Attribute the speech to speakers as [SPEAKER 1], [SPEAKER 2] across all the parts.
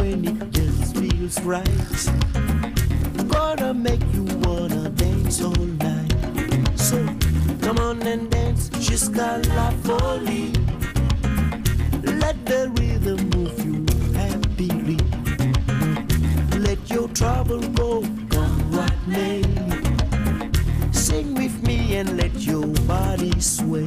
[SPEAKER 1] when it just feels right. Gonna make you wanna dance all night. So come on and dance got la folie. Let the rhythm move you happily. Let your trouble go, come what may. Sing with me and let your body sway.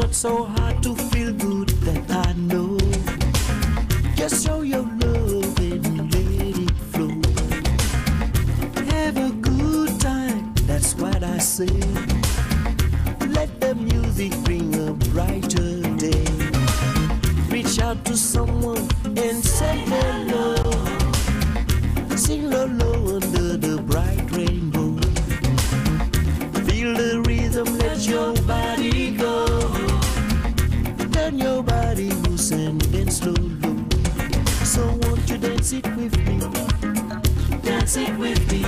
[SPEAKER 1] not so hard to feel good that I know. Just show your love and let it flow. Have a good time, that's what I say. Dance it with me. Dance it with me.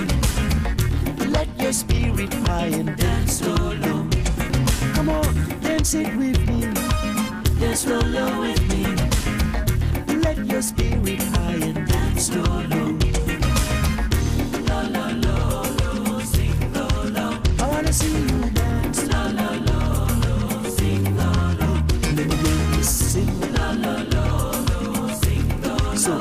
[SPEAKER 1] Let your spirit high and dance low. Come on, dance it with me. Dance low with me. Let your spirit high and dance solo. low. I wanna see you dance. Let me sing, So,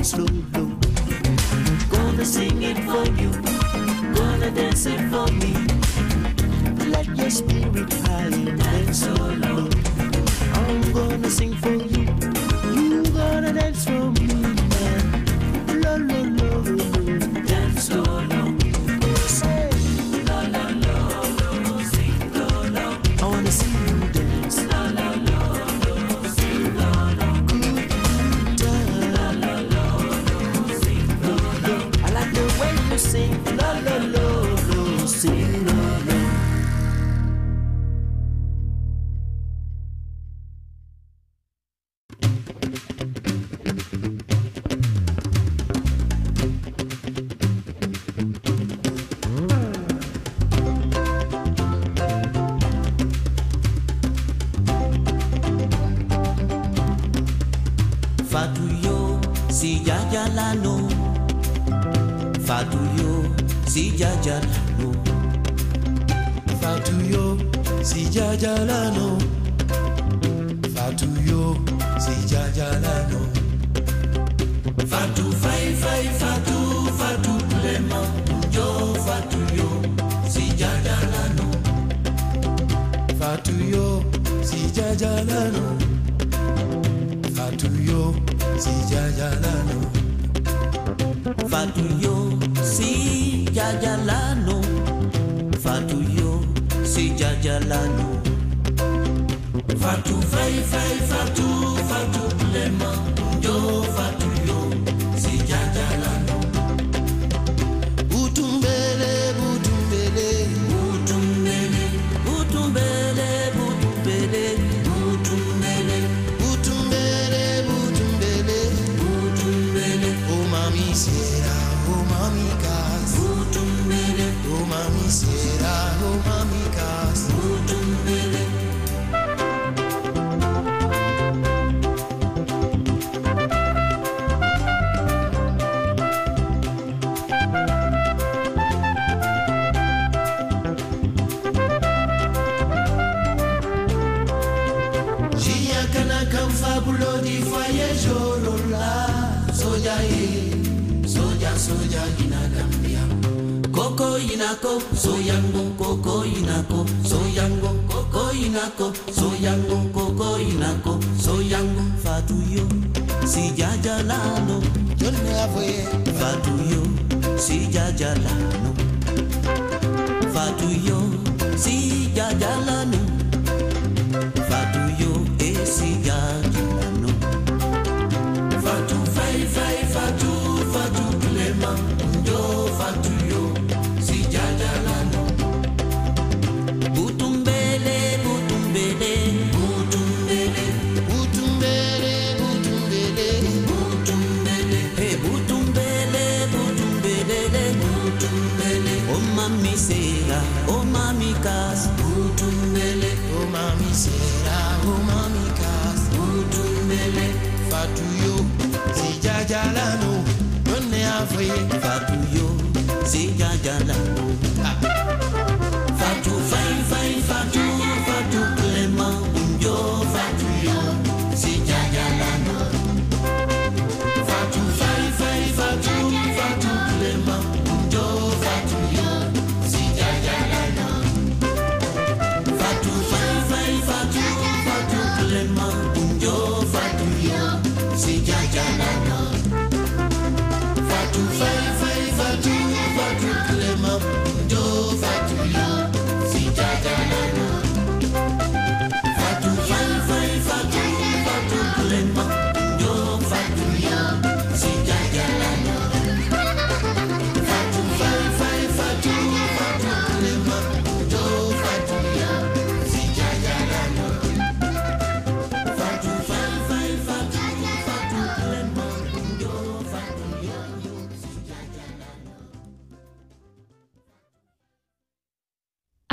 [SPEAKER 1] it slow, low. Gonna sing it for you, gonna dance it for me. Let your spirit high and so low. I'm gonna sing for you. Fatuyo sijajalano Fatuyo jajalano, Fatuyo sijajalano Fatuyo jajalano, Fatu fai fai fatu fatu plema Yo fatuyo sijajalano Fatuyo sijajalano yo si ya ya fa fatu yo si ya ya lano fatu yo si ya ya lano fatu tu fa fatu fatu blema diavolo di faie giorno soja e soja soja inagambia koko inako soyango koko inako soyango koko inako soyango koko inako soyango fatuyo si jajalano jolme avoye fatuyo si jajalano fatuyo sera, oh mami kas, utumele. oh mami sera, oh mami kas, utumbele, fatuyo, si jajalano, donne avoye, fatuyo, si jajalano.